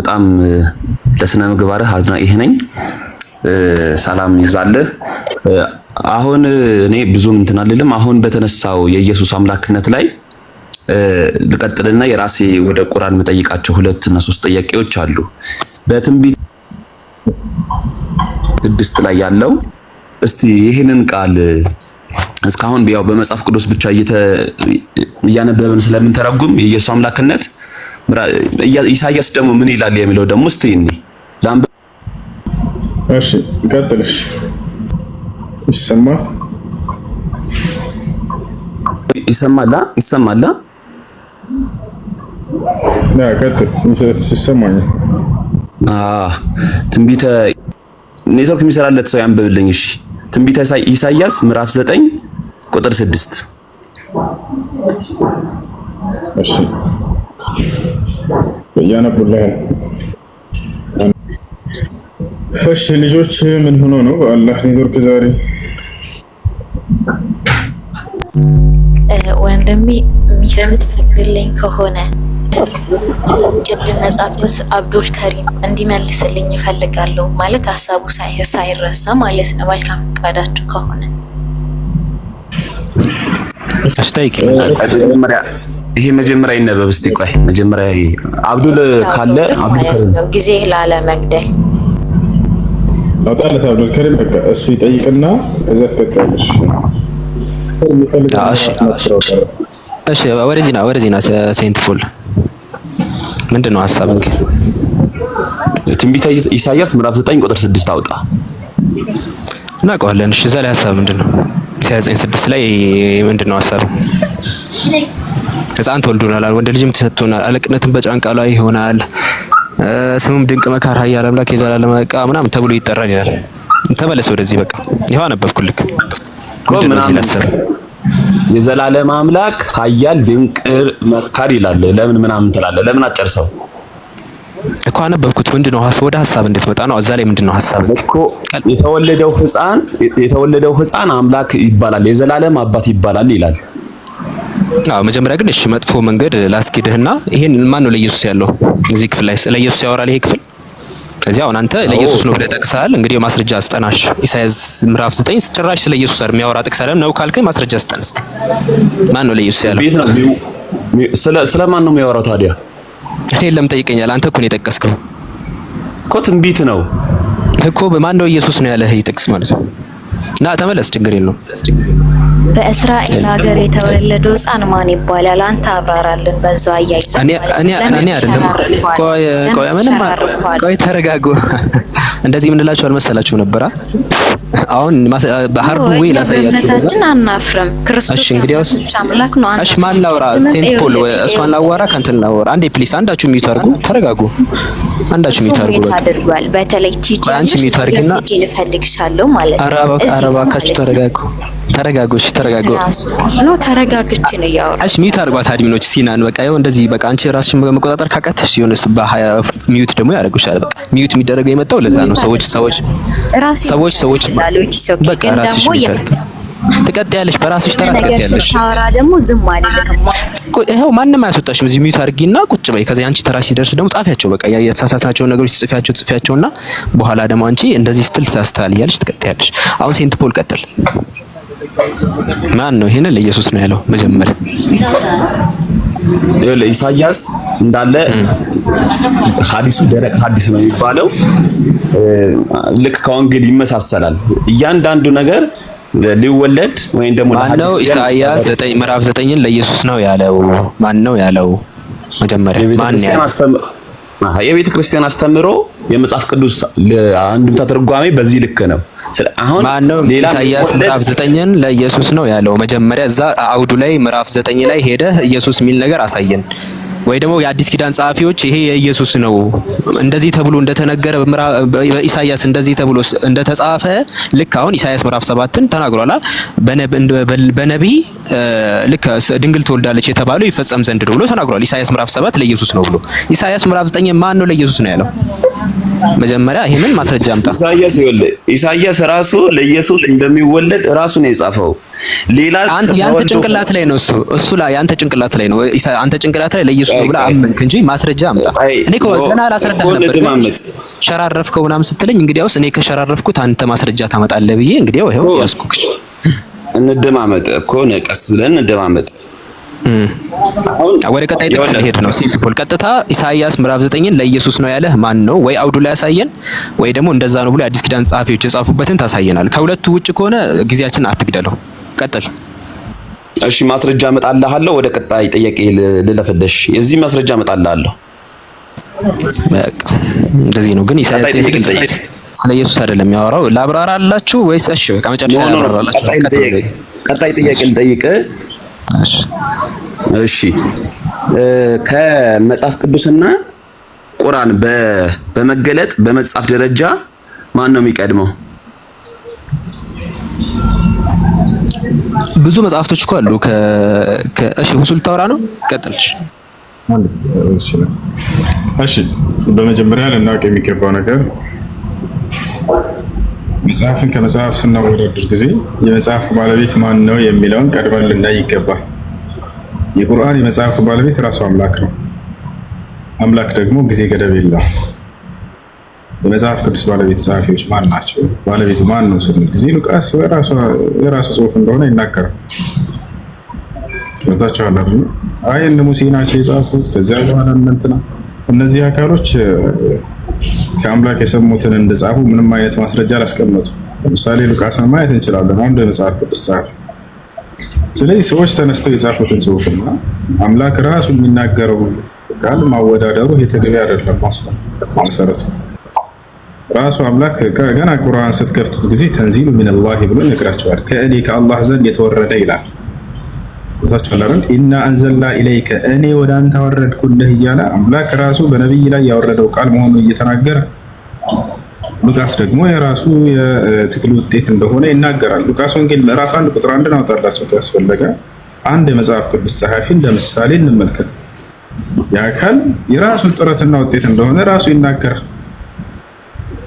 በጣም ለስነ ምግባርህ አድናቂህ ነኝ። ሰላም ይብዛልህ። አሁን እኔ ብዙም እንትን አልልም። አሁን በተነሳው የኢየሱስ አምላክነት ላይ ልቀጥልና የራሴ ወደ ቁርአን የምጠይቃቸው ሁለት እና ሶስት ጥያቄዎች አሉ። በትንቢት ስድስት ላይ ያለው እስቲ ይህንን ቃል እስካሁን ያው በመጽሐፍ ቅዱስ ብቻ እያነበብን ስለምንተረጉም የኢየሱስ አምላክነት ኢሳያስ ደግሞ ምን ይላል የሚለው ደግሞ እስቲ እኔ ላምብ እሺ፣ ቀጥልሽ ይሰማል ይሰማል ይሰማል። ያ ቀጥል ይሰማኛል። ትንቢተ ኔትወርክ የሚሰራለት ሰው ያንብብልኝ። እሺ፣ ትንቢተ ኢሳያስ ምዕራፍ 9 ቁጥር 6 እሺ ያነቡልሃል። እሺ ልጆች ምን ሆኖ ነው? በአላህ ኔትወርክ ዛሬ ወንድሜ የምትፈቅድልኝ ከሆነ ቅድም መጻፍስ አብዱል ከሪም እንዲመልስልኝ ይፈልጋለሁ። ማለት ሀሳቡ ሳይረሳ ማለት ነው። መልካም ፈቃዳችሁ ከሆነ ስታይክ ይሄ መጀመሪያ ይነበብ እስቲ። ቆይ መጀመሪያ አብዱል ካለ አብዱል ካለ ጊዜ ላለ መግደል አውጣለት። አብዱል ከሪም በቃ እሱ ይጠይቅና እዛ ትቀጥላለሽ። እሺ ወደዚህ ና፣ ወደዚህ ና። ሴንት ፖል ምንድን ነው ሀሳብ? ትንቢተ ኢሳያስ ምዕራፍ 9 ቁጥር 6 አውጣ። እናውቀዋለን። እሺ እዛ ላይ ሀሳብ ምንድን ነው? ኢሳያስ 9 6 ላይ ምንድን ነው ሀሳብ? ህፃን ተወልዶናል፣ ወንድ ልጅም ተሰጥቶናል፣ አለቅነትም በጫንቃ ላይ ይሆናል፣ ስሙም ድንቅ መካር፣ ኃያል አምላክ፣ የዘላለም አለቃ ምናምን ተብሎ ይጠራል ይላል። ተመለስ ወደዚህ። በቃ ይኸው አነበብኩልክ። የዘላለም አምላክ ኃያል ድንቅ መካር ይላል። ለምን ምናምን ትላለህ? ለምን አጨርሰው እኮ አነበብኩት። ምንድን ነው ወደ ሀሳብ እንድትመጣ ነው። እዛ ላይ ምንድን ነው ሀሳብ እኮ የተወለደው ህፃን የተወለደው ህፃን አምላክ ይባላል፣ የዘላለም አባት ይባላል ይላል። አዎ መጀመሪያ ግን እሺ መጥፎ መንገድ ላስኪድህና ይሄን ማን ነው ለኢየሱስ ያለው እዚህ ክፍል ላይ ለኢየሱስ ያወራል ይሄ ክፍል ከዚህ አሁን አንተ ለኢየሱስ ነው ብለህ ጠቅሰሃል እንግዲህ ማስረጃ አስጠናሽ ኢሳያስ ምዕራፍ 9 ጭራሽ ስለ ኢየሱስ አይደል የሚያወራ ጥቅስ አይደል ነው ካልከኝ ማስረጃ አስጠን እስኪ ማን ነው ለኢየሱስ ያለው ስለ ስለ ማን ነው የሚያወራው ታዲያ እኔ ለምን ጠይቀኛል አንተ እኮ ነው የጠቀስከው እኮ ትንቢት ነው እኮ በማን ነው ኢየሱስ ነው ያለህ ይጥቅስ ማለት ነው ና ተመለስ፣ ችግር የለውም። በእስራኤል ሀገር የተወለደው ሕፃን ማን ይባላል? አንተ አብራራልን። በዛው አያይዘ እኔ እኔ አይደለም። ቆይ ቆይ፣ ምንም ቆይ፣ ተረጋጉ። እንደዚህ ምን የምንላችሁ አልመሰላችሁም ነበር። አሁን በሀርድ ወይ ላሳያችሁ። እዛችን አናፍርም። ክርስቶስ እንግዲያውስ አምላክ ነው። እሺ፣ ማን ላውራ? ሴንት ፖል እሷን ላዋራ፣ ከንትን ላወራ። አንዴ ፕሊስ፣ አንዳችሁ የሚታርጉ ተረጋጉ። አንዳችሁ ሚት አድርጉ አድርጓል። በተለይ ቲጂ አንቺ ሚት አድርግና ቲጂን እፈልግሻለሁ ማለት ነው። አራባ አራባ ተረጋጉ፣ ተረጋጉ፣ እሺ ተረጋጉ። ነው ተረጋግቼ ነው ያወራው። እሺ ሚት አድርጓት አድሚኖች፣ ሲናን በቃ ይኸው እንደዚህ በቃ አንቺ ራስሽን መቆጣጠር ካቃተሽ ሲሆንስ በሀያ ሚዩት ደግሞ ያደርጉሻል። በቃ ሚዩት የሚደረገው የመጣው ለዛ ነው። ሰዎች ሰዎች ሰዎች ሰዎች በቃ ራስሽ ትቀጥያለሽ፣ በራስሽ ተራ ትቀጥያለሽ። ታራ ደግሞ ዝም አይደለም። ይሄው ማንም አያስወጣሽም። እዚህ ሚዩት አድርጊና ቁጭ በይ። ከዚህ አንቺ ተራ ሲደርስ ደግሞ ጻፊያቸው። በቃ የተሳሳትናቸውን ነገሮች ጽፊያቸው ጽፊያቸውና በኋላ ደግሞ አንቺ እንደዚህ ስትል ተሳስተሃል እያለሽ ትቀጥያለሽ። አሁን ሴንት ፖል ቀጥል። ማን ነው ይሄን? ለኢየሱስ ነው ያለው መጀመሪያ ኢሳያስ እንዳለ ሐዲሱ ደረቅ ሐዲስ ነው የሚባለው። ልክ ከወንጌል ይመሳሰላል። እያንዳንዱ ነገር ሊወለድ ወይም ደግሞ ማነው? ኢሳይያስ ዘጠኝ ምዕራፍ ዘጠኝን ለኢየሱስ ነው ያለው ማን ነው ያለው? መጀመሪያ ማን የቤተ ክርስቲያን አስተምሮ የመጽሐፍ ቅዱስ አንድምታ ትርጓሜ በዚህ ልክ ነው። አሁን ማነው ኢሳይያስ ምዕራፍ ዘጠኝን ለኢየሱስ ነው ያለው? መጀመሪያ እዛ አውዱ ላይ ምዕራፍ ዘጠኝ ላይ ሄደህ ኢየሱስ የሚል ነገር አሳየን። ወይ ደግሞ የአዲስ ኪዳን ጸሐፊዎች ይሄ የኢየሱስ ነው እንደዚህ ተብሎ እንደተነገረ ኢሳያስ እንደዚህ ተብሎ እንደተጻፈ ልክ አሁን ኢሳያስ ምዕራፍ ሰባትን ተናግሯል። በነቢይ ልክ ድንግል ትወልዳለች የተባለው ይፈጸም ዘንድ ነው ብሎ ተናግሯል። ኢሳያስ ምዕራፍ ሰባት ለኢየሱስ ነው ብሎ ኢሳያስ ምዕራፍ ዘጠኝ ማን ነው ለኢየሱስ ነው ያለው? መጀመሪያ ይሄንን ማስረጃ አምጣ። ኢሳያስ ይኸውልህ፣ ኢሳያስ ራሱ ለኢየሱስ እንደሚወለድ ራሱ ነው የጻፈው። ሌላ አንተ ያንተ ጭንቅላት ላይ ነው እሱ እሱ ላይ ያንተ ጭንቅላት ላይ ነው። አንተ ጭንቅላት ላይ ለኢየሱስ ነው ብለህ አመንክ እንጂ ማስረጃ አምጣ። እኔ እኮ ገና አላስረዳህ ነበር፣ ሸራረፍከው ምናምን ስትለኝ፣ እንግዲያውስ እኔ ከሸራረፍኩት አንተ ማስረጃ ታመጣለህ ብዬ እንግዲያው ይሄው ያስኩክ። እንደማመጥ እኮ ነው፣ ቀስ ብለን እንደማመጥ ወደ ቀጣይ ጥቅስ ሄድ ነው ሲምፕል ቀጥታ ኢሳይያስ ምዕራፍ ዘጠኝን ለኢየሱስ ነው ያለ ማን ነው? ወይ አውዱ ላይ ያሳየን ወይ ደግሞ እንደዛ ነው ብሎ የአዲስ ኪዳን ጸሐፊዎች የጻፉበትን ታሳየናል። ከሁለቱ ውጭ ከሆነ ጊዜያችን አትግደለው። ቀጥል። እሺ ማስረጃ እመጣልሃለሁ። ወደ ቀጣይ ጥያቄ ልለፍልሽ። የዚህ ማስረጃ እመጣልሃለሁ። እንደዚህ ነው ግን ኢሳይያስ ስለ ኢየሱስ አይደለም የሚያወራው። ላብራራ አላችሁ ወይስ? እሺ በቃ መጨረሻ ቀጣይ ጥያቄ ልጠይቅ እሺ ከመጽሐፍ ቅዱስና ቁርአን በመገለጥ በመጽሐፍ ደረጃ ማን ነው የሚቀድመው? ብዙ መጽሐፍቶች እኮ አሉ። እሺ ሁሱል ታውራ ነው። ቀጥልሽ። እሺ በመጀመሪያ ልናውቅ የሚገባው ነገር መጽሐፍን ከመጽሐፍ ስናወዳድር ጊዜ የመጽሐፉ ባለቤት ማን ነው የሚለውን ቀድመን ልናይ ይገባል። የቁርአን የመጽሐፉ ባለቤት ራሱ አምላክ ነው። አምላክ ደግሞ ጊዜ ገደብ የለው። የመጽሐፍ ቅዱስ ባለቤት ጸሐፊዎች ማን ናቸው? ባለቤቱ ማን ነው ስንል ጊዜ ሉቃስ የራሱ ጽሑፍ እንደሆነ ይናገራል። ታቸኋላ አይ እነ ሙሴ ናቸው የጻፉት ከዚያ በኋላ እነንትና እነዚህ አካሎች ከአምላክ የሰሙትን እንደጻፉ ምንም አይነት ማስረጃ አላስቀመጡ። ለምሳሌ ሉቃስን ማየት እንችላለን። አንዱ የመጽሐፍ ቅዱስ ጸሐፊ። ስለዚህ ሰዎች ተነስተው የጻፉትን ጽሁፍና አምላክ ራሱ የሚናገረው ቃል ማወዳደሩ የተገቢ አይደለም። ማስለ መሰረቱ ራሱ አምላክ ገና ቁርአን ስትከፍቱት ጊዜ ተንዚሉ ሚነላሂ ብሎ ይነግራቸዋል። ከእኔ ከአላህ ዘንድ የተወረደ ይላል። ኢና አንዘልና ኢለይከ እኔ ወደ አንተ አወረድኩልህ እያለ አምላክ ራሱ በነቢይ ላይ ያወረደው ቃል መሆኑን እየተናገረ ሉቃስ ደግሞ የራሱ የትግል ውጤት እንደሆነ ይናገራል። ሉቃስ ወንጌል ምዕራፍ አንድ ቁጥር አንድን አውጣላቸው ካስፈለገ አንድ የመጽሐፍ ቅዱስ ጸሐፊ ለምሳሌ እንመልከት። የአካል የራሱ ጥረትና ውጤት እንደሆነ ራሱ ይናገራል።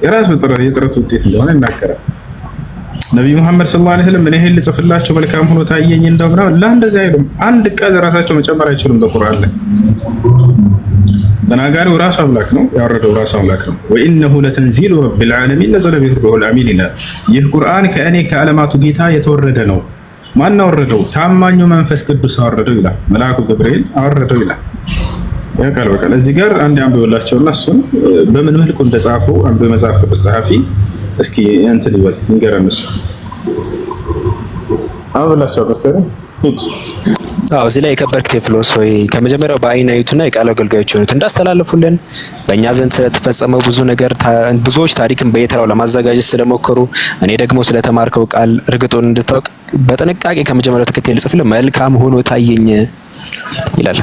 የራሱ ጥረት የጥረት ውጤት እንደሆነ ይናገራል። ነቢዩ መሐመድ ስለ ላ ስለም ምን ይሄን ልጽፍላችሁ መልካም ሆኖ ታየኝ እንደምና ላ እንደዚህ አይሉም። አንድ ቃል ራሳቸው መጨመር አይችሉም። በቁርአን ላይ ተናጋሪው ራሱ አምላክ ነው፣ ያወረደው ራሱ አምላክ ነው። ወኢነሁ ለተንዚሉ ረቢል ዓለሚን ነዘለ ቢሂ ሩሑል ልአሚን ይላል። ይህ ቁርአን ከእኔ ከዓለማቱ ጌታ የተወረደ ነው። ማን አወረደው? ታማኙ መንፈስ ቅዱስ አወረደው ይላል። መልአኩ ገብርኤል አወረደው ይላል። ያቃል በቃል እዚህ ጋር አንድ አንብብላቸውና እሱን በምን መልኩ እንደጻፉ አንዱ የመጽሐፍ ቅዱስ ጸሐፊ እስኪ እንትን ይበል እንገረም እሱ አሁን ብላችሁ አዎ እዚህ ላይ የከበርክቴ ወይ ከመጀመሪያው በአይን ያዩትና የቃል አገልጋዮች የሆኑት እንዳስተላለፉልን በእኛ ዘንድ ስለተፈጸመው ብዙ ነገር ብዙዎች ታሪክን በየተራው ለማዘጋጀት ስለሞከሩ እኔ ደግሞ ስለተማርከው ቃል እርግጡን እንድታወቅ በጥንቃቄ ከመጀመሪያው ተከታይ ልጽፍልህ መልካም ሆኖ ታየኝ ይላል።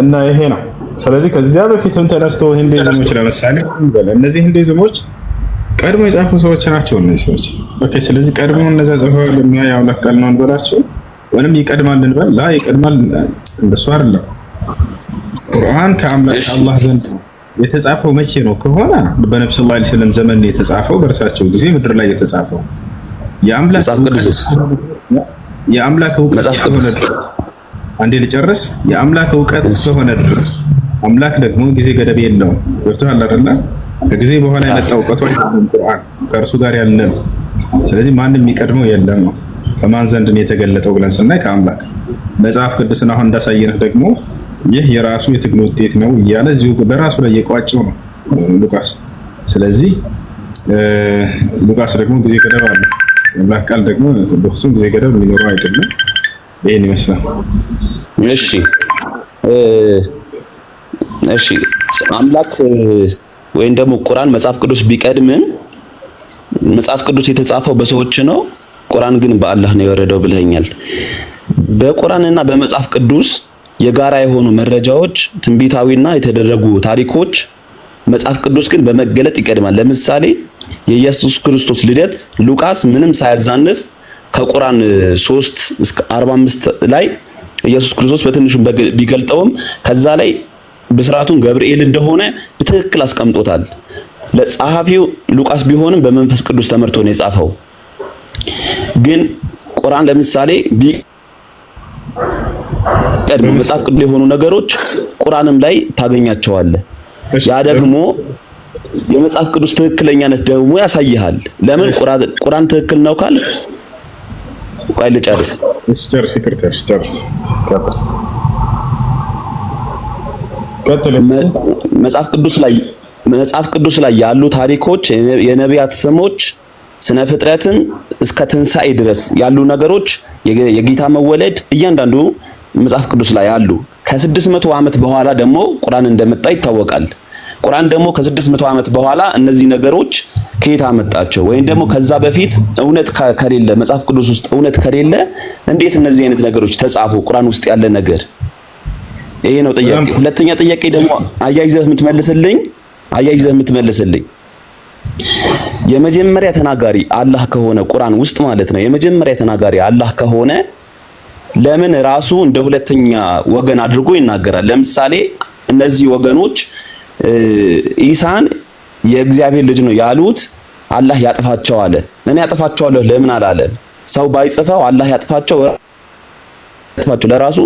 እና ይሄ ነው። ስለዚህ ከዚያ በፊትም ተነስቶ ሂንዱይዝም ለምሳሌ እነዚህ ሂንዱይዝሞች ቀድሞ የጻፉ ሰዎች ናቸው። እነዚህ ሰዎች ኦኬ። ስለዚህ ቀድሞ እነዛ ጽፈው ለሚያ ያው ቃል ነው እንበላቸው ወይንም ይቀድማል እንበል። ላ ይቀድማል እንደሱ አይደለም። ቁርአን ከአምላክ አላህ ዘንድ የተጻፈው መቼ ነው ከሆነ በነብዩ ሰለላሁ ዐለይሂ ወሰለም ዘመን የተጻፈው በእርሳቸው ጊዜ ምድር ላይ የተጻፈው የአምላክ መጽሐፍ ቅዱስ የአምላክ እውቀት አንዴ ልጨርስ። የአምላክ እውቀት እስከሆነ ድረስ አምላክ ደግሞ ጊዜ ገደብ የለውም። ገብቶሃል አይደለ? ከጊዜ በኋላ የመጣ እውቀቱ ቁርአን ከእርሱ ጋር ያለ ነው። ስለዚህ ማንም የሚቀድመው የለም ነው። ከማን ዘንድ ነው የተገለጠው ብለን ስናይ ከአምላክ። መጽሐፍ ቅዱስን አሁን እንዳሳየንህ ደግሞ ይህ የራሱ የትግል ውጤት ነው እያለ እዚሁ በራሱ ላይ የቋጨው ነው ሉቃስ። ስለዚህ ሉቃስ ደግሞ ጊዜ ገደብ አለ። አምላክ ቃል ደግሞ በፍጹም ጊዜ ገደብ የሚኖረው አይደለም። ይሄን ይመስላል። እሺ እሺ አምላክ ወይም ደግሞ ቁርአን መጽሐፍ ቅዱስ ቢቀድምም መጽሐፍ ቅዱስ የተጻፈው በሰዎች ነው፣ ቁርአን ግን በአላህ ነው የወረደው ብለኛል። በቁርአንና በመጽሐፍ ቅዱስ የጋራ የሆኑ መረጃዎች፣ ትንቢታዊና የተደረጉ ታሪኮች መጽሐፍ ቅዱስ ግን በመገለጥ ይቀድማል። ለምሳሌ የኢየሱስ ክርስቶስ ልደት ሉቃስ ምንም ሳያዛንፍ ከቁርአን 3 እስከ 45 ላይ ኢየሱስ ክርስቶስ በትንሹ ቢገልጠውም ከዛ ላይ ብስራቱን ገብርኤል እንደሆነ በትክክል አስቀምጦታል። ለጸሐፊው ሉቃስ ቢሆንም በመንፈስ ቅዱስ ተመርቶ ነው የጻፈው። ግን ቁርአን ለምሳሌ ቀድሞ መጽሐፍ ቅዱስ የሆኑ ነገሮች ቁርአንም ላይ ታገኛቸዋል ያ ደግሞ የመጽሐፍ ቅዱስ ትክክለኛነት ደግሞ ያሳይሃል። ለምን ቁርአን ትክክል ነው ካል ቆይ ልጨርስ። መጽሐፍ ቅዱስ ላይ መጽሐፍ ቅዱስ ላይ ያሉ ታሪኮች የነቢያት ስሞች ስነ ፍጥረትን እስከ ትንሣኤ ድረስ ያሉ ነገሮች የጌታ መወለድ እያንዳንዱ መጽሐፍ ቅዱስ ላይ አሉ። ከስድስት መቶ ዓመት በኋላ ደግሞ ቁርአን እንደመጣ ይታወቃል። ቁርአን ደግሞ ከስድስት 600 ዓመት በኋላ እነዚህ ነገሮች ከየት አመጣቸው? ወይም ደግሞ ከዛ በፊት እውነት ከሌለ መጽሐፍ ቅዱስ ውስጥ እውነት ከሌለ እንዴት እነዚህ አይነት ነገሮች ተጻፉ? ቁርአን ውስጥ ያለ ነገር ይሄ ነው ጥያቄ። ሁለተኛ ጥያቄ ደግሞ አያይዘህ የምትመልስልኝ አያይዘህ የምትመልስልኝ የመጀመሪያ ተናጋሪ አላህ ከሆነ ቁርአን ውስጥ ማለት ነው የመጀመሪያ ተናጋሪ አላህ ከሆነ ለምን ራሱ እንደ ሁለተኛ ወገን አድርጎ ይናገራል? ለምሳሌ እነዚህ ወገኖች ኢሳን የእግዚአብሔር ልጅ ነው ያሉት አላህ ያጥፋቸው አለ። እኔ ያጥፋቸዋለሁ ለምን አላለ? ሰው ባይጽፈው አላህ ያጥፋቸው ያጥፋቸው ለራሱ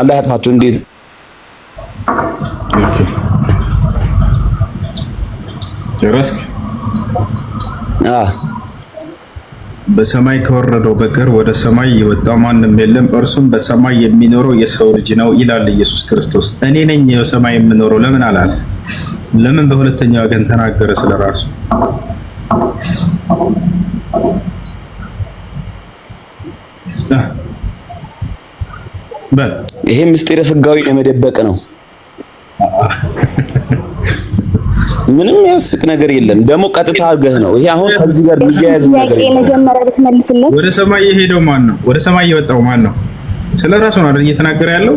አላህ ያጥፋቸው እንዴት ጨረስክ? በሰማይ ከወረደው በቀር ወደ ሰማይ የወጣ ማንም የለም፣ እርሱም በሰማይ የሚኖረው የሰው ልጅ ነው ይላል ኢየሱስ ክርስቶስ። እኔ ነኝ የሰማይ የምኖረው ለምን አላለ? ለምን በሁለተኛ ወገን ተናገረ? ስለ ራሱ ይሄ ምስጢረ ስጋዊ ለመደበቅ ነው። ምንም ያስቅ ነገር የለም። ደግሞ ቀጥታ አድርገህ ነው ይሄ አሁን ከዚህ ጋር የሚያያዝ ነገር የለም። መጀመሪያ ብትመልስለት። ወደ ሰማይ የሄደው ማን ነው? ወደ ሰማይ የወጣው ማን ነው? ስለ ራሱ ነው አይደል እየተናገረ ያለው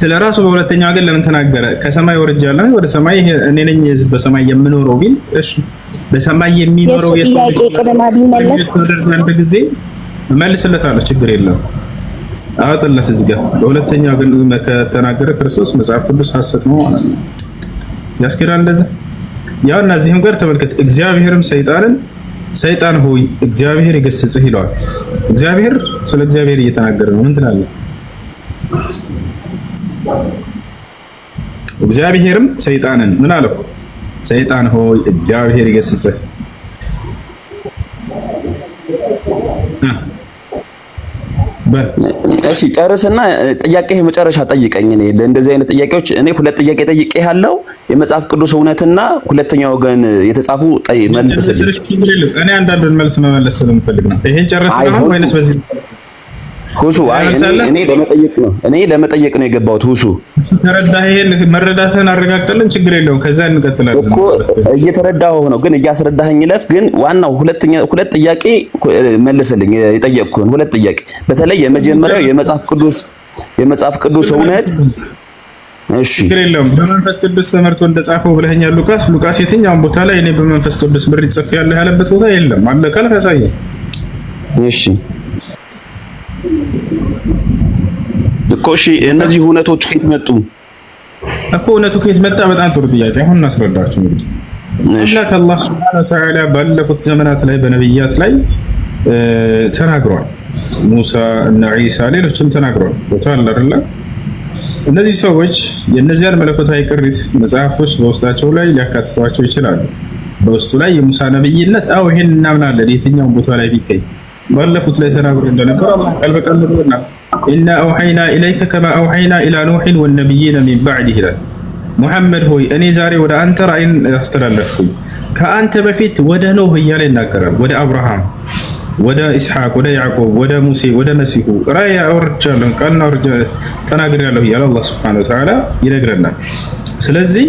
ስለ ራሱ። በሁለተኛው ግን ለምን ተናገረ? ከሰማይ ወርጃለሁ፣ ወደ ሰማይ እኔ ነኝ ህዝብ በሰማይ የምኖረው ቢል እሺ፣ በሰማይ የሚኖረው የሰው ልጅ ቅድማ ቢመለስ አንድ ጊዜ እመልስለታለሁ፣ ችግር የለም አወጥለት እዚህ ጋር። በሁለተኛው ግን ከተናገረ ክርስቶስ መጽሐፍ ቅዱስ ሐሰት ነው ማለት ነው። ያስኬዳል እንደዚህ ያው እና ጋር ተመልከት። እግዚአብሔርም ሰይጣንን ሰይጣን ሆይ እግዚአብሔር ይገስጽህ ይለዋል። እግዚአብሔር ስለ እግዚአብሔር እየተናገረ ነው። ምን ትላለህ? እግዚአብሔርም ሰይጣንን ምን አለው? ሰይጣን ሆይ እግዚአብሔር ይገስጽህ እሺ ጨርስና ጥያቄ የመጨረሻ ጠይቀኝ። እኔ ለእንደዚህ አይነት ጥያቄዎች እኔ ሁለት ጥያቄ ጠይቄ ያለው የመጽሐፍ ቅዱስ እውነትና ሁለተኛ ወገን የተጻፉ መልስ። እኔ አንዳንዱን መልስ መመለስ ስለምፈልግ ነው። ይሄን ጨርሰናል ወይንስ በዚህ ሁሱ አይ እኔ ለመጠየቅ ነው እኔ ለመጠየቅ ነው የገባሁት። ሁሱ ተረዳህ? ይሄን መረዳትህን አረጋግጠልን፣ ችግር የለውም። ከዛ እንቀጥላለን እኮ እየተረዳሁህ ነው፣ ግን እያስረዳኸኝ ለፍ። ግን ዋናው ሁለተኛ ሁለት ጥያቄ መልስልኝ፣ የጠየቅኩህን ሁለት ጥያቄ። በተለይ የመጀመሪያው የመጽሐፍ ቅዱስ የመጽሐፍ ቅዱስ እውነት እሺ፣ ችግር የለውም። በመንፈስ ቅዱስ ተመርቶ እንደጻፈው ብለኸኛል። ሉቃስ ሉቃስ የትኛውን ቦታ ላይ እኔ በመንፈስ ቅዱስ ብር ይጽፍ ያለ ያለበት ቦታ የለም። አለቃል ያሳየ እሺ እኮ እሺ፣ እነዚህ እውነቶች ከየት መጡ እኮ? እውነቱ ከየት መጣ? በጣም ጥሩ ጥያቄ። አሁን እናስረዳችሁ። እንግዲህ አምላክ አላህ ሱብሓነሁ ወተዓላ ባለፉት ዘመናት ላይ በነብያት ላይ ተናግሯል። ሙሳ እና ዒሳ ሌሎችም ተናግሯል። ቦታ አለ አይደለ? እነዚህ ሰዎች የእነዚያን መለኮታዊ ቅሪት መጽሐፍቶች በውስጣቸው ላይ ሊያካትቷቸው ይችላሉ። በውስጡ ላይ የሙሳ ነብይነት አው ይሄን እናምናለን። የትኛውን ቦታ ላይ ቢገኝ ባለፉት ላይ ተናግሮ እንደነበረ አላህ ቃል በቃል ነግሮናል። ኢና አውሐይና ኢለይከ ከማ አውሐይና ኢላ ኑሕን ወነቢይነ ሚን ባዕዲህ ይላል። ሙሐመድ ሆይ እኔ ዛሬ ወደ አንተ ራእይን አስተላለፍኩኝ ከአንተ በፊት ወደ ኖህ እያለ ይናገራል። ወደ አብርሃም፣ ወደ ኢስሐቅ፣ ወደ ያዕቆብ፣ ወደ ሙሴ፣ ወደ መሲሁ ራእይ አውርጃለሁ ቃልና ተናግሬያለሁ እያለ አላህ ሱብሓነሁ ወተዓላ ይነግረናል። ስለዚህ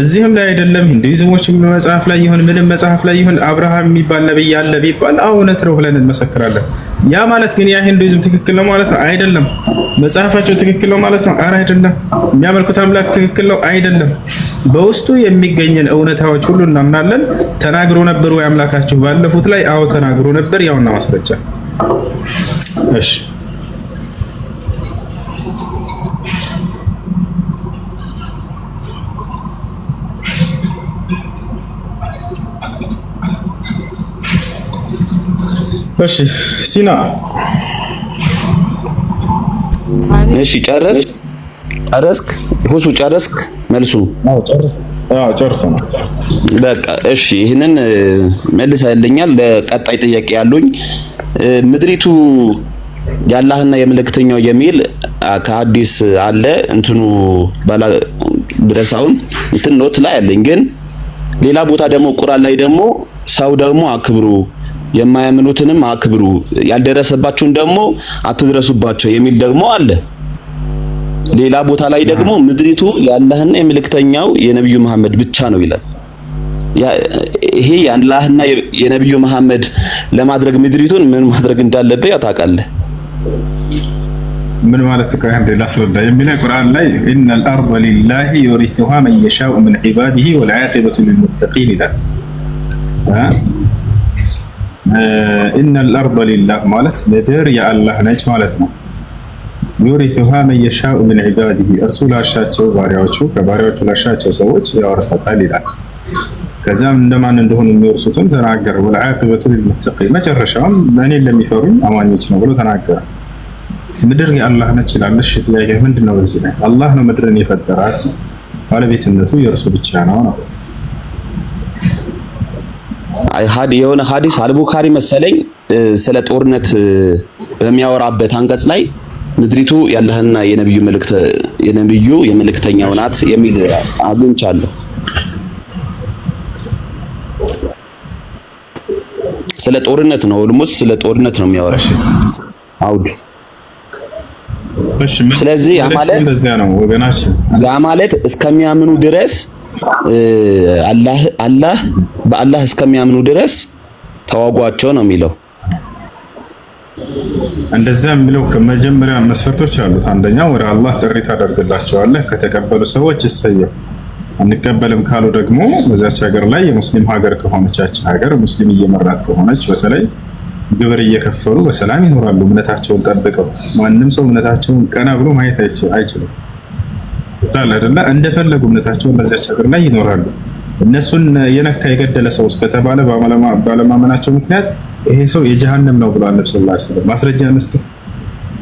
እዚህም ላይ አይደለም ሂንዱይዝሞች መጽሐፍ ላይ ይሁን ምንም መጽሐፍ ላይ ይሁን አብርሃም የሚባል ነብይ አለ ቢባል እውነት ነው ብለን እንመሰክራለን። ያ ማለት ግን ያ ሂንዱይዝም ትክክል ነው ማለት ነው አይደለም? መጽሐፋቸው ትክክል ነው ማለት ነው አረ አይደለም? የሚያመልኩት አምላክ ትክክል ነው አይደለም? በውስጡ የሚገኝን እውነታዎች ሁሉ እናምናለን። ተናግሮ ነበር ወይ አምላካችሁ ባለፉት ላይ? አዎ ተናግሮ ነበር። ያውና ማስረጃ እሺ እሺ ሲና እሺ ጨረስክ ጨረስክ ሁሱ ጨረስክ መልሱ አዎ ጨርሰናል በቃ እሺ ይህንን መልሰህልኛል ለቀጣይ ጥያቄ ያሉኝ ምድሪቱ የአላህና የመልእክተኛው የሚል ከሀዲስ አለ እንትኑ ባላ ድረሳውን እንትን ኖት ላይ አለኝ ግን ሌላ ቦታ ደግሞ ቁራን ላይ ደግሞ ሰው ደግሞ አክብሩ የማያምኑትንም አክብሩ፣ ያልደረሰባችሁን ደግሞ አትድረሱባቸው የሚል ደግሞ አለ። ሌላ ቦታ ላይ ደግሞ ምድሪቱ የአላህና የመልእክተኛው የነብዩ መሐመድ ብቻ ነው ይላል። ይሄ የአላህና የነብዩ መሐመድ ለማድረግ ምድሪቱን ምን ማድረግ እንዳለበት ያው ምን ማለት ነው? አንዴ ላስረዳ። የሚለው ቁርአን ላይ ኢነል አርደ ሊላሂ ዩሪሱሃ መን የሻኡ ሚን ዒባዲሂ ወልዓቂበቱ ሊልሙተቂን ይላል። ኢነል አርደ ሊላህ ማለት ምድር የአላህ ነች ማለት ነው። ዩሪሱሃ መን የሻኡ ምን ዒባዲሂ እርሱ ላሻቸው ባሪያዎቹ ከባሪያዎቹ ላሻቸው ሰዎች ያወርሳታል ይላል። ከዚያም እንደማን እንደሆኑ የሚወርሱትም ተናገረ። ወልዓቂበቱ ሊልሙተቂን መጨረሻውም እኔን ለሚፈሩኝ አማኞች ነው ብሎ ተናገረ። ምድር የአላህ ነች ይላለሽ። ጥያቄ ምንድን ነው? በዚህ ላይ አላህ ነው ምድርን የፈጠራት፣ ባለቤትነቱ የእርሱ ብቻ ነው ነው የሆነ ሀዲስ አልቡካሪ መሰለኝ ስለ ጦርነት በሚያወራበት አንቀጽ ላይ ምድሪቱ ያለህና የነብዩ መልእክተ የነብዩ የመልእክተኛው ናት የሚል አግኝቻለሁ። ስለ ጦርነት ነው፣ ልሙስ ስለ ጦርነት ነው የሚያወራሽ አውድ። ስለዚህ ያ ማለት ያ ማለት እስከሚያምኑ ድረስ አላህ አላህ በአላህ እስከሚያምኑ ድረስ ተዋጓቸው ነው የሚለው። እንደዛ የሚለው ከመጀመሪያ መስፈርቶች አሉት። አንደኛው ወደ አላህ ጥሪ ታደርግላቸዋለህ። ከተቀበሉ ሰዎች እሰየው፣ አንቀበልም ካሉ ደግሞ በዛች ሀገር ላይ የሙስሊም ሀገር ከሆነች ሀገር ሙስሊም እየመራት ከሆነች በተለይ ግብር እየከፈሉ በሰላም ይኖራሉ። እምነታቸውን ጠብቀው ማንም ሰው እምነታቸውን ቀና ብሎ ማየት አይችልም። ዛል አይደለ እንደፈለጉ እምነታቸውን በዚያች ሀገር ላይ ይኖራሉ። እነሱን የነካ የገደለ ሰው እስከተባለ ባለማመናቸው ምክንያት ይሄ ሰው የጀሃነም ነው ብሏል። ነብዩ ሰለላሁ ዐለይሂ ወሰለም ማስረጃ አንስተ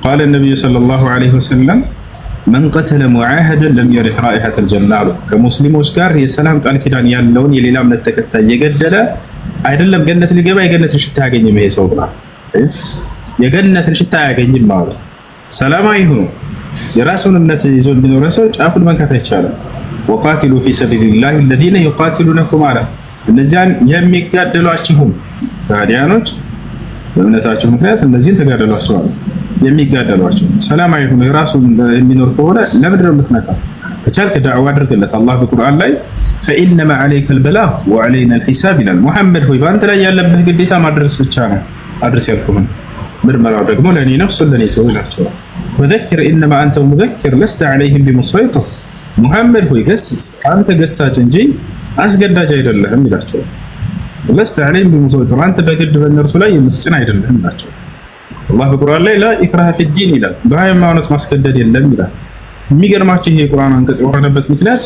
ቃለ ነብዩ ሰለላሁ ዐለይሂ ወሰለም መን ቀተለ ሙዓሀደን ለም የሪህ ራኢሐተል ጀና አሉ። ከሙስሊሞች ጋር የሰላም ቃል ኪዳን ያለውን የሌላ እምነት ተከታይ የገደለ አይደለም ገነት ሊገባ የገነትን ሽታ አያገኝም ይሄ ሰው ብሏል። የገነትን ሽታ አያገኝም አሉ። ሰላማዊ ሁኑ የራሱን እምነት ይዞ የሚኖረ ሰው ጫፉን መንካት አይቻልም። ወቃትሉ ፊ ሰቢልላህ አለዚነ ዩቃትሉነኩም አለ እነዚያን የሚጋደሏችሁም ከሃዲያኖች በእምነታችሁ ምክንያት እነዚህን ተጋደሏቸዋል። የሚጋደሏቸው ሰላማዊ ሆኖ የራሱ የሚኖር ከሆነ ለምንድን ነው የምትነካው? ከቻልክ ዳዕዋ አድርግለት። አላህ በቁርአን ላይ ፈኢነማ ዓለይከ ልበላግ ወዓለይና ልሒሳብ ይላል። ሙሐመድ ሆይ በአንተ ላይ ያለብህ ግዴታ ማድረስ ብቻ ነው። አድርስ ያልኩህን ምርመራው ደግሞ ለእኔ ነው፣ እሱን ለእኔ ትሆናቸዋል ወዘኪር ኢነማ አንተ ሙዘኪር ለስተ ዓለይህም ቢሙሰይጢር ሙሐመድ ሆይ ገስጽ፣ አንተ ገሳጭ እንጂ አስገዳጅ አይደለህም ይላቸዋል። ለስተ ዐለይሂም ቢሙሰይጢር አንተ በግድ በእነርሱ ላይ የምትጭን አይደለህም ይላቸዋል። አላህ በቁርአን ላይ ላ ኢክራሀ ፊዲን ይላል። በሃይማኖት ማስገደድ የለም ይላል። የሚገርማቸው ይሄ የቁርአን አንቀጽ የወረደበት ምክንያት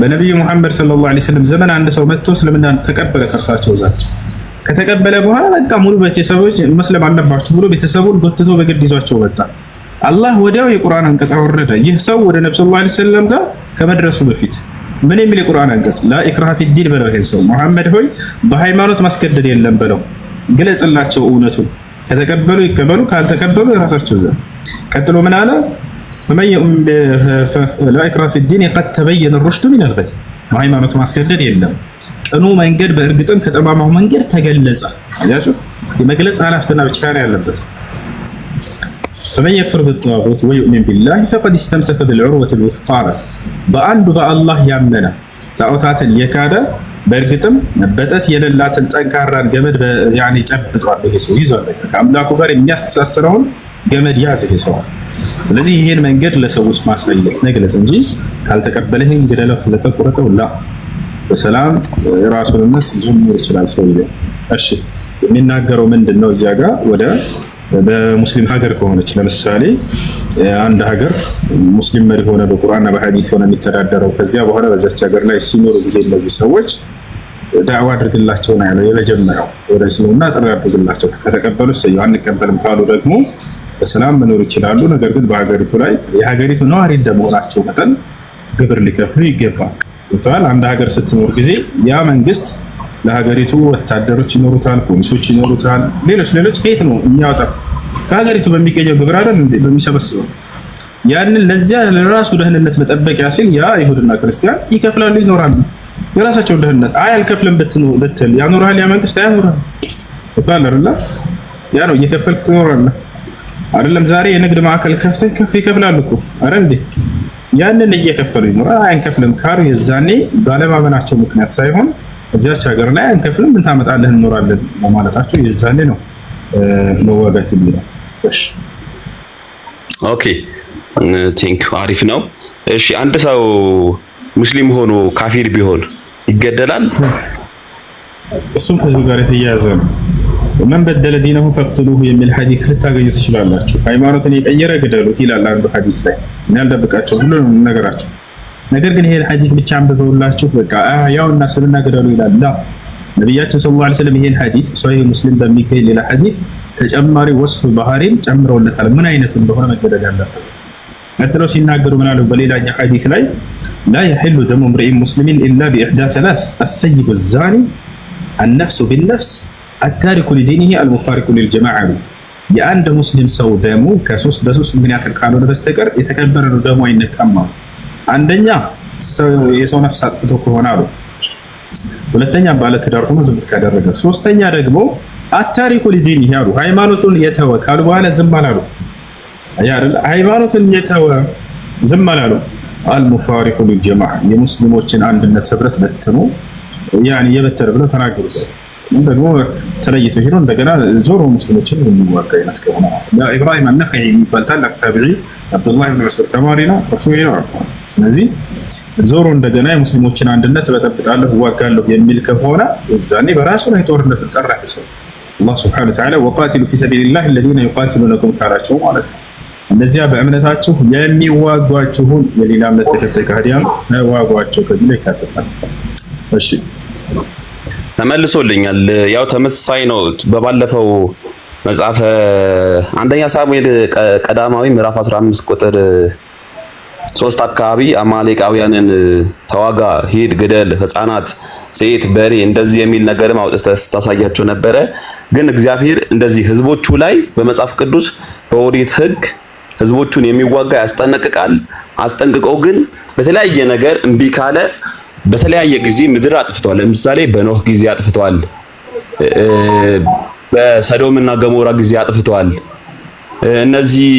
በነቢዩ ሙሐመድ ሰለላሁ ዐለይሂ ወሰለም ዘመን አንድ ሰው መጥቶ እስልምና ተቀበለ ከእርሳቸው ዘንድ ከተቀበለ በኋላ በቃ ሙሉ ቤተሰቦች መስለም አለባቸው ብሎ ቤተሰቡን ጎትቶ በግድ ይዟቸው ወጣ። አላህ ወዲያው የቁርአን አንቀጽ አወረደ። ይህ ሰው ወደ ነብዩ ሰለላሁ ዐለይሂ ወሰለም ጋር ከመድረሱ በፊት ምን የሚል የቁርአን አንቀጽ? ላኢክራሃ ፊዲን በለው። ይሄ ሰው መሐመድ ሆይ በሃይማኖት ማስገደድ የለም በለው፣ ግለጽላቸው እውነቱን። ከተቀበሉ ይቀበሉ፣ ካልተቀበሉ የራሳቸው ዘ ቀጥሎ ምን አለ? ላኢክራሃ ፊዲን የቀድ ተበየነ ሩሽዱ ሚነል ገይ፣ በሃይማኖት ማስገደድ የለም ቅኑ መንገድ በእርግጥም ከጠማማው መንገድ ተገለጸ። ያችሁ የመግለጽ ኃላፊነትና ብቻ ነው ያለበት። ወመን የክፍር ቢጧጉት ወዩእሚን ቢላህ ፈቀድ ስተምሰከ ቢልዑርወት ልውስቃ በአንዱ በአላህ ያመነ ጣዖታትን የካደ በእርግጥም መበጠስ የሌላትን ጠንካራን ገመድ ጨብጧል። ይሄ ሰው ይዟል። ከአምላኩ ጋር የሚያስተሳስረውን ገመድ ያዝ ይሄ ሰዋል። ስለዚህ ይህን መንገድ ለሰዎች ማሳየት መግለጽ እንጂ ካልተቀበለህን ግደለው፣ ስለተቆረጠው ላ በሰላም ራሱን እምነት ይዞ ይችላል ሰው። እሺ የሚናገረው ምንድን ነው? እዚያ ጋር ወደ በሙስሊም ሀገር ከሆነች ለምሳሌ አንድ ሀገር ሙስሊም መሪ ሆነ በቁርአንና በሀዲስ ሆነ የሚተዳደረው ከዚያ በኋላ በዛች ሀገር ላይ ሲኖሩ ጊዜ እነዚህ ሰዎች ዳዕዋ አድርግላቸው ነው ያለው። የመጀመሪያው ወደ እስልምና ጥሪ አድርግላቸው። ከተቀበሉ ሰየው፣ አንቀበልም ካሉ ደግሞ በሰላም መኖር ይችላሉ። ነገር ግን በሀገሪቱ ላይ የሀገሪቱ ነዋሪ እንደመሆናቸው መጠን ግብር ሊከፍሉ ይገባል። አንድ ሀገር ስትኖር ጊዜ ያ መንግስት ለሀገሪቱ ወታደሮች ይኖሩታል፣ ፖሊሶች ይኖሩታል፣ ሌሎች ሌሎች። ከየት ነው የሚያወጣው? ከሀገሪቱ በሚገኘው ግብር አይደል በሚሰበስበው። ያንን ለዚያ ለራሱ ደህንነት መጠበቂያ ሲል ያ ይሁድና ክርስቲያን ይከፍላሉ፣ ይኖራሉ። የራሳቸውን ደህንነት አይ አልከፍልም ብትል ያኖርሃል፣ ያ መንግስት አያኖርሃል። ያ ነው እየከፈልክ ትኖራለህ። አይደለም ዛሬ የንግድ ማዕከል ከፍተህ ከፍ ይከፍላሉ እኮ አረ እንዴ ያንን እየከፈሉ ይኖራል። አይ አንከፍልም ካሉ የዛኔ ባለማመናቸው ምክንያት ሳይሆን እዚያች ሀገር ላይ አንከፍልም፣ ምን ታመጣለህ እንኖራለን በማለታቸው የዛኔ ነው መዋጋት የሚለው። ኦኬ ቲንክ አሪፍ ነው። እሺ አንድ ሰው ሙስሊም ሆኖ ካፊር ቢሆን ይገደላል? እሱም ከዚሁ ጋር የተያያዘ ነው። መን በደለ ዲነሁ ፈቅትሉሁ የሚል ሀዲስ ልታገኙ ትችላላችሁ። ሃይማኖትን የቀየረ ግደሉት ይላል አንዱ ሀዲስ ላይ። እኔ አልደብቃቸው ሁሉንም ነገራቸው ነገር ግን ይሄን ሐዲስ ብቻ አንብበውላችሁ በቃ ያውና ስሉና ግደሉ ይላል። ነቢያችን ሰለላሁ ዐለይሂ ወሰለም ይሄን ሐዲስ ሶሒህ ሙስሊም በሚገኝ ሌላ ሐዲስ ተጨማሪ ወስፍ ባህሪም ጨምረውለታል። ምን አይነቱ እንደሆነ መገደል ያለበት ቀጥለው ሲናገሩ ምናሉ በሌላኛው ሐዲስ ላይ ላ የሕሉ ደሙ ምርኢን ሙስሊሚን ኢላ ቢኢሕዳ ሰላስ አሰይቡ ዛኒ አነፍሱ ቢነፍስ አታሪኩ ሊዲኒህ አልሙፋሪቁ ሊልጀማዓ አሉ። የአንድ ሙስሊም ሰው ደሙ በሶስት ምክንያት ካልሆነ በስተቀር የተከበረ ደሙ አይነካም አሉ። አንደኛ የሰው ነፍስ አጥፍቶ ከሆነ አሉ። ሁለተኛ ባለትዳር ሆኖ ዝምት ካደረገ፣ ሶስተኛ ደግሞ አታሪኩ ሊዲን ይሄ ሃይማኖቱን የተወ ካሉ በኋላ ዝም አላሉ። ሃይማኖቱን የተወ ዝም አላሉ። አልሙፋሪኩ ሊልጀማዓ የሙስሊሞችን አንድነት ህብረት በትኖ የበተነ ብለው ተናገሩ። ደግሞ ተለይቶ ሄዶ እንደገና ዞሮ ሙስሊሞችን የሚዋጋ አይነት ከሆነ ኢብራሂም አነኸዒ የሚባል ታላቅ ታቢዒ አብዱላህ ብን መስዑድ ተማሪ ነው። እርሱ ነው። ስለዚህ ዞሮ እንደገና የሙስሊሞችን አንድነት በጠብጣለሁ እዋጋለሁ የሚል ከሆነ እዛኔ በራሱ ላይ ጦርነት ጠራ ሰው አላህ ሱብሓነሁ ወተዓላ ወቃቲሉ ፊ ሰቢልላህ ለዚነ ዩቃቲሉነኩም ካላቸው ማለት ነው። እነዚያ በእምነታችሁ የሚዋጓችሁን የሌላ እምነት ተከታይ ከሃዲያን ዋጓቸው ከሚለው ይካተታል። እሺ ተመልሶልኛል። ያው ተመሳሳይ ነው። በባለፈው መጽሐፈ አንደኛ ሳሙኤል ቀዳማዊ ምዕራፍ 15 ቁጥር ሶስት አካባቢ አማሌቃውያንን ተዋጋ፣ ሂድ፣ ግደል፣ ህፃናት ሴት፣ በሬ እንደዚህ የሚል ነገርም አውጥተህ ስታሳያቸው ነበረ። ግን እግዚአብሔር እንደዚህ ህዝቦቹ ላይ በመጽሐፍ ቅዱስ በኦሪት ህግ ህዝቦቹን የሚዋጋ ያስጠነቅቃል። አስጠንቅቀው ግን በተለያየ ነገር እምቢ ካለ በተለያየ ጊዜ ምድር አጥፍተዋል። ለምሳሌ በኖህ ጊዜ አጥፍተዋል። በሰዶም እና ገሞራ ጊዜ አጥፍተዋል። እነዚህ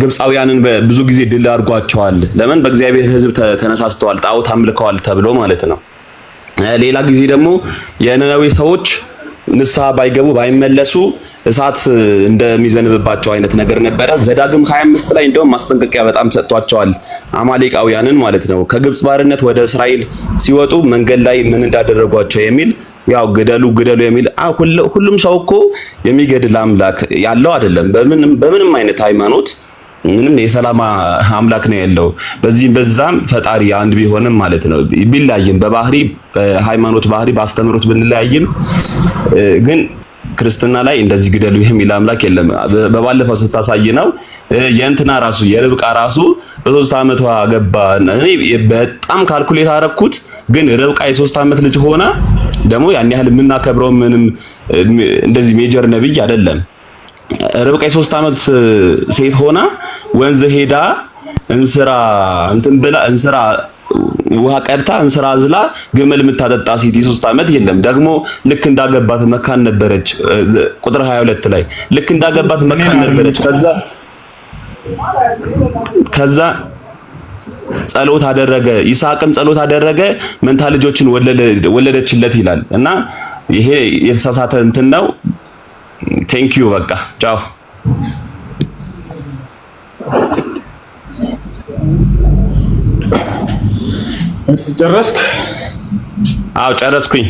ግብፃውያንን ብዙ ጊዜ ድል አድርጓቸዋል። ለምን? በእግዚአብሔር ሕዝብ ተነሳስተዋል፣ ጣዖት አምልከዋል ተብሎ ማለት ነው። ሌላ ጊዜ ደግሞ የነነዌ ሰዎች ንስሐ ባይገቡ ባይመለሱ እሳት እንደሚዘንብባቸው አይነት ነገር ነበረ። ዘዳግም 25 ላይ እንደውም ማስጠንቀቂያ በጣም ሰጥቷቸዋል፣ አማሌቃውያንን ማለት ነው። ከግብጽ ባርነት ወደ እስራኤል ሲወጡ መንገድ ላይ ምን እንዳደረጓቸው የሚል ያው ግደሉ ግደሉ የሚል ሁሉም ሰው እኮ የሚገድል አምላክ ያለው አይደለም። በምንም አይነት ሃይማኖት ምንም የሰላም አምላክ ነው ያለው። በዚህም በዛም ፈጣሪ አንድ ቢሆንም ማለት ነው። ቢለያይም በባህሪ በሃይማኖት ባህሪ በአስተምሮት ብንለያይም ግን ክርስትና ላይ እንደዚህ ግደሉ የሚል አምላክ የለም። በባለፈው ስታሳይ ነው የእንትና ራሱ የርብቃ ራሱ በሶስት ዓመቷ ገባ። እኔ በጣም ካልኩሌት አረኩት፣ ግን ርብቃ የሶስት ዓመት ልጅ ሆና ደግሞ ያን ያህል የምናከብረው ምንም እንደዚህ ሜጀር ነብይ አይደለም። ርብቃ የሶስት ዓመት ሴት ሆና ወንዝ ሄዳ እንስራ እንትን ብላ እንስራ ውሃ ቀድታ እንስራ አዝላ ግመል የምታጠጣ ሴት የሶስት ዓመት የለም። ደግሞ ልክ እንዳገባት መካን ነበረች። ቁጥር 22 ላይ ልክ እንዳገባት መካን ነበረች። ከዛ ከዛ ጸሎት አደረገ ይስሐቅም ጸሎት አደረገ መንታ ልጆችን ወለደችለት ይላል እና ይሄ የተሳሳተ እንትን ነው። ቴንክ ዩ በቃ ቻው። ጨረስክ? አዎ ጨረስኩኝ።